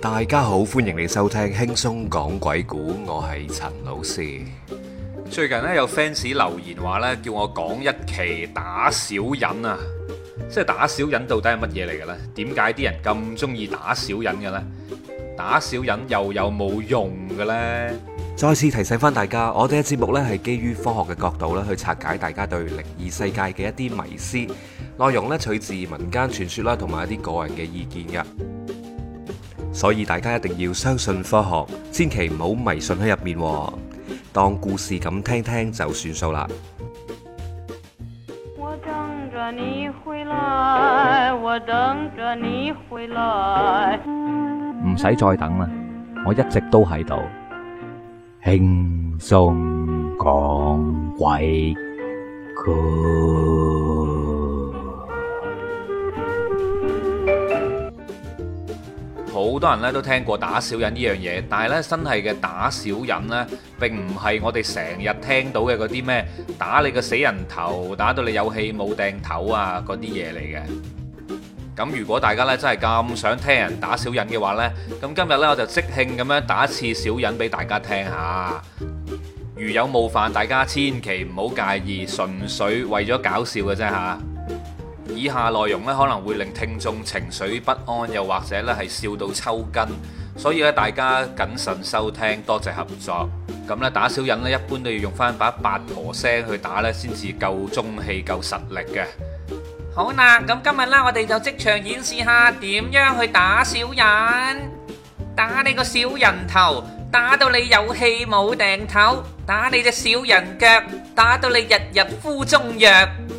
大家好，歡迎你收聽輕鬆講鬼故。我係陳老 C。最近咧有 fans 留言話咧，叫我講一期打小人啊，即係打小人到底係乜嘢嚟嘅呢？點解啲人咁中意打小人嘅呢？打小人又有冇用嘅呢？再次提醒翻大家，我哋嘅節目咧係基於科學嘅角度啦，去拆解大家對靈異世界嘅一啲迷思，內容咧取自民間傳說啦，同埋一啲個人嘅意見嘅。所以大家一定要相信科學，千祈唔好迷信喺入面，當故事咁聽聽就算數啦。我等著你回來，我等著你回來。唔使再等啦，我一直都喺度，輕鬆講鬼故。多人咧都聽過打小人呢樣嘢，但係咧真係嘅打小人呢並唔係我哋成日聽到嘅嗰啲咩打你個死人頭，打到你有氣冇掟頭啊嗰啲嘢嚟嘅。咁如果大家咧真係咁想聽人打小人嘅話呢，咁今日呢我就即興咁樣打一次小人俾大家聽下。如有冒犯，大家千祈唔好介意，純粹為咗搞笑嘅啫嚇。以下內容呢可能會令聽眾情緒不安，又或者呢係笑到抽筋，所以呢大家謹慎收聽，多謝合作。咁呢打小人呢一般都要用返把八婆聲去打呢，先至夠中氣夠實力嘅。好喇，咁今日啦，我哋就即場演示下點樣去打小人，打你個小人頭，打到你有氣冇定頭，打你隻小人腳，打到你日日敷中藥。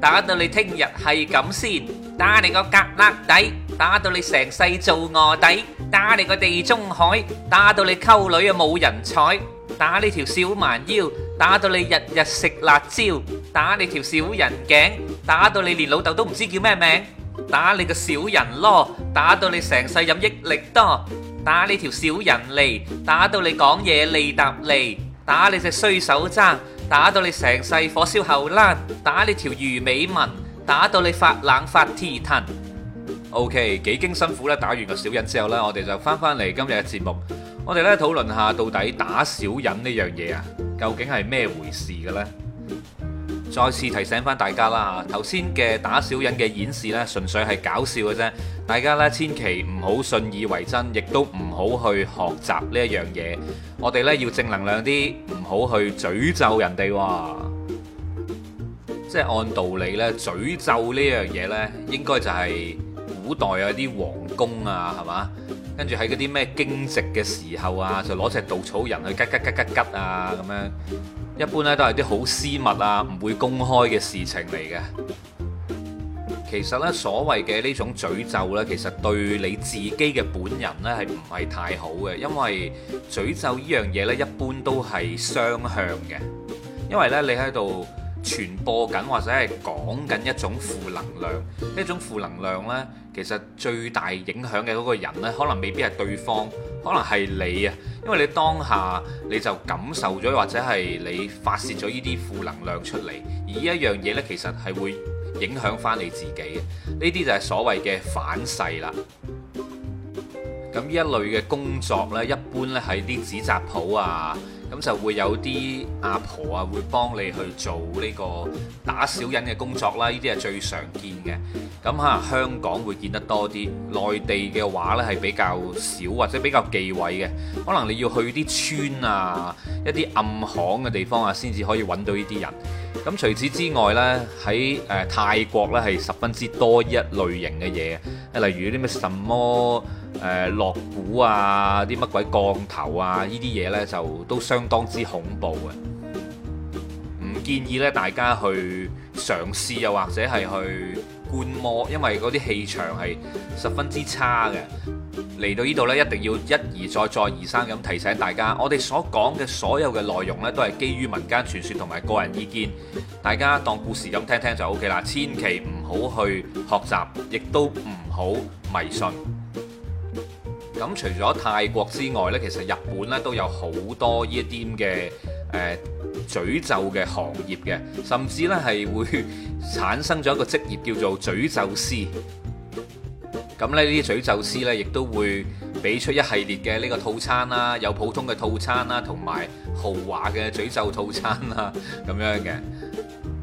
打到你聽日係咁先，打你個格拉底，打到你成世做臥底，打你個地中海，打到你溝女啊冇人睬，打你條小蠻腰，打到你日日食辣椒，打你條小人頸，打到你連老豆都唔知叫咩名，打你個小人囉，打到你成世飲益力多，打你條小人嚟，打到你講嘢利搭利。打你隻衰手踭，打到你成世火燒喉啦！打你條魚尾紋，打到你發冷發 t 吞。T t OK，幾經辛苦啦，打完個小人之後啦，我哋就翻翻嚟今日嘅節目，我哋咧討論下到底打小人呢樣嘢啊，究竟係咩回事嘅咧？再次提醒翻大家啦嚇，頭先嘅打小人嘅演示咧，純粹係搞笑嘅啫，大家咧千祈唔好信以為真，亦都唔好去學習呢一樣嘢。我哋咧要正能量啲，唔好去詛咒人哋喎。即係按道理咧，詛咒呢樣嘢咧，應該就係古代啊啲王公啊，係嘛？跟住喺嗰啲咩驚蟄嘅時候啊，就攞隻稻草人去吉吉吉吉吉啊咁樣，一般呢，都係啲好私密啊，唔會公開嘅事情嚟嘅。其實呢，所謂嘅呢種詛咒呢，其實對你自己嘅本人呢係唔係太好嘅，因為詛咒呢樣嘢呢，一般都係雙向嘅，因為呢，你喺度傳播緊或者係講緊一種負能量，呢種負能量呢。其實最大影響嘅嗰個人呢，可能未必係對方，可能係你啊，因為你當下你就感受咗，或者係你發泄咗呢啲負能量出嚟，而呢一樣嘢呢，其實係會影響翻你自己嘅。呢啲就係所謂嘅反噬啦。咁呢一類嘅工作呢，一般呢喺啲紙紮鋪啊。咁就會有啲阿婆啊，會幫你去做呢個打小人嘅工作啦，呢啲係最常見嘅。咁可能香港會見得多啲，內地嘅話呢係比較少或者比較忌諱嘅。可能你要去啲村啊、一啲暗巷嘅地方啊，先至可以揾到呢啲人。咁除此之外呢，喺誒泰國呢係十分之多一類型嘅嘢，例如啲咩什麼。誒、呃、落鼓啊！啲乜鬼降頭啊！呢啲嘢呢，就都相當之恐怖嘅，唔建議咧大家去嘗試，又或者係去觀摩，因為嗰啲氣場係十分之差嘅。嚟到呢度呢，一定要一而再、再而三咁提醒大家，我哋所講嘅所有嘅內容呢，都係基於民間傳説同埋個人意見，大家當故事咁聽聽就 O K 啦。千祈唔好去學習，亦都唔好迷信。咁除咗泰國之外咧，其實日本咧都有好多呢一啲嘅誒詛咒嘅行業嘅，甚至咧係會產生咗一個職業叫做詛咒師。咁呢啲詛咒師呢，亦都會俾出一系列嘅呢個套餐啦，有普通嘅套餐啦，同埋豪華嘅詛咒套餐啦。咁樣嘅，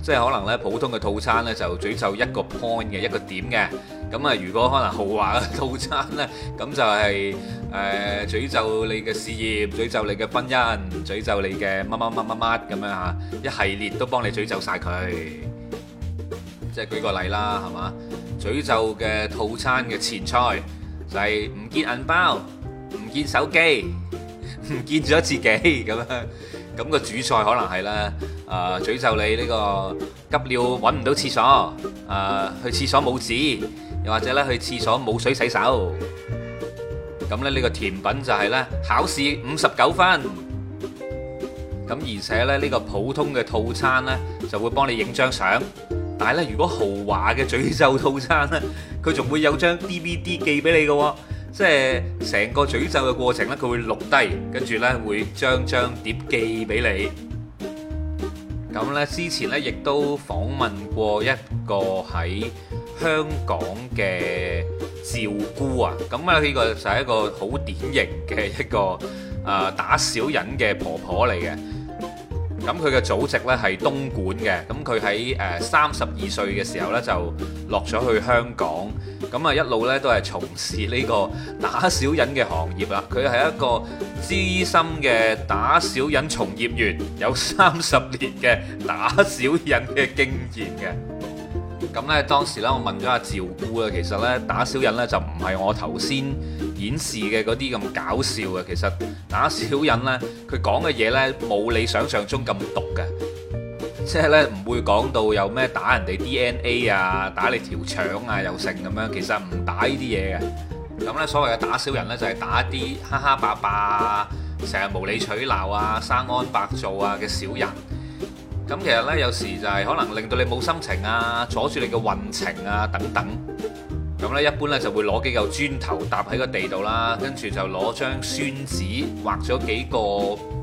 即係可能咧普通嘅套餐呢，就詛咒一個 point 嘅一個點嘅。咁啊，如果可能豪華嘅套餐呢，咁就係誒詛咒你嘅事業，詛咒你嘅婚姻，詛咒你嘅乜乜乜乜乜咁樣吓，一系列都幫你詛咒晒佢。即係舉個例啦，係嘛？詛咒嘅套餐嘅前菜就係唔見銀包，唔見手機，唔見咗自己咁樣。咁個主菜可能係呢，誒、呃、詛咒你呢個急尿揾唔到廁所，誒、呃、去廁所冇紙，又或者呢去廁所冇水洗手。咁咧呢、呢個甜品就係呢，考試五十九分。咁而且呢，呢、呢個普通嘅套餐呢就會幫你影張相，但係呢，如果豪華嘅詛咒套餐呢，佢仲會有張 DVD 寄俾你嘅喎。即係成個詛咒嘅過程咧，佢會錄低，跟住咧會將張碟寄俾你。咁呢之前呢亦都訪問過一個喺香港嘅照顧啊，咁啊呢、呢個就係一個好典型嘅一個誒、呃、打小人嘅婆婆嚟嘅。咁佢嘅祖籍呢係東莞嘅，咁佢喺誒三十二歲嘅時候呢，就落咗去香港，咁啊一路呢都係從事呢個打小人嘅行業啦。佢係一個資深嘅打小人從業員，有三十年嘅打小人嘅經驗嘅。咁呢當時呢，我問咗阿、啊、趙顧啊，其實呢，打小人呢就唔係我頭先。顯示嘅嗰啲咁搞笑嘅，其實打小人呢，佢講嘅嘢呢冇你想象中咁毒嘅，即係呢唔會講到有咩打人哋 DNA 啊，打你條腸啊又成咁樣。其實唔打呢啲嘢嘅，咁呢所謂嘅打小人呢就係打啲哈哈霸霸啊，成日無理取鬧啊、生安白做啊嘅小人。咁其實呢有時就係可能令到你冇心情啊，阻住你嘅運程啊等等。咁咧一般咧就會攞幾嚿磚頭搭喺個地度啦，跟住就攞張宣紙畫咗幾個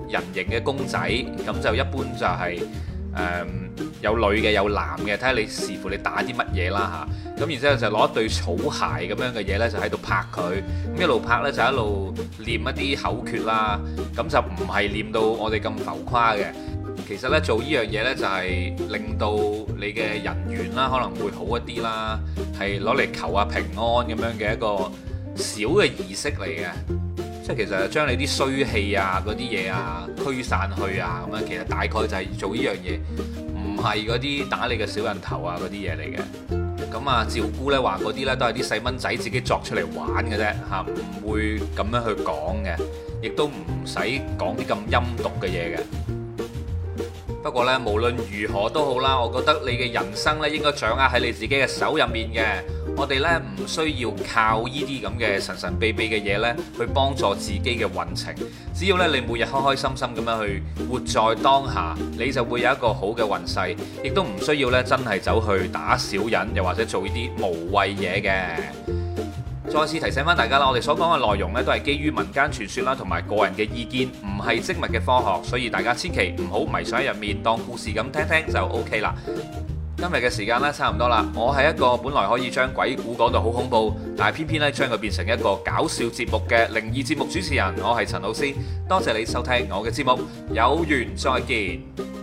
人形嘅公仔，咁就一般就係、是、誒、呃、有女嘅，有男嘅，睇下你視乎你打啲乜嘢啦嚇。咁、啊、然之後就攞對草鞋咁樣嘅嘢咧，就喺度拍佢咁，一路拍咧就一路唸一啲口訣啦，咁就唔係唸到我哋咁浮誇嘅。其實咧做呢樣嘢呢，就係令到你嘅人緣啦，可能會好一啲啦。係攞嚟求下平安咁樣嘅一個小嘅儀式嚟嘅，即係其實係將你啲衰氣啊嗰啲嘢啊驅散去啊咁樣。其實大概就係做呢樣嘢，唔係嗰啲打你嘅小人頭啊嗰啲嘢嚟嘅。咁啊，趙姑呢話嗰啲呢，都係啲細蚊仔自己作出嚟玩嘅啫嚇，唔、啊、會咁樣去講嘅，亦都唔使講啲咁陰毒嘅嘢嘅。不過咧，無論如何都好啦，我覺得你嘅人生咧應該掌握喺你自己嘅手入面嘅。我哋咧唔需要靠呢啲咁嘅神神秘秘嘅嘢咧去幫助自己嘅運程。只要咧你每日開開心心咁樣去活在當下，你就會有一個好嘅運勢，亦都唔需要咧真係走去打小人，又或者做呢啲無謂嘢嘅。再次提醒翻大家啦，我哋所講嘅內容咧都係基於民間傳說啦，同埋個人嘅意見，唔係精密嘅科學，所以大家千祈唔好迷上喺入面，當故事咁聽聽就 OK 啦。今日嘅時間咧差唔多啦，我係一個本來可以將鬼故講到好恐怖，但係偏偏咧將佢變成一個搞笑節目嘅靈異節目主持人，我係陳老 C，多謝你收聽我嘅節目，有緣再見。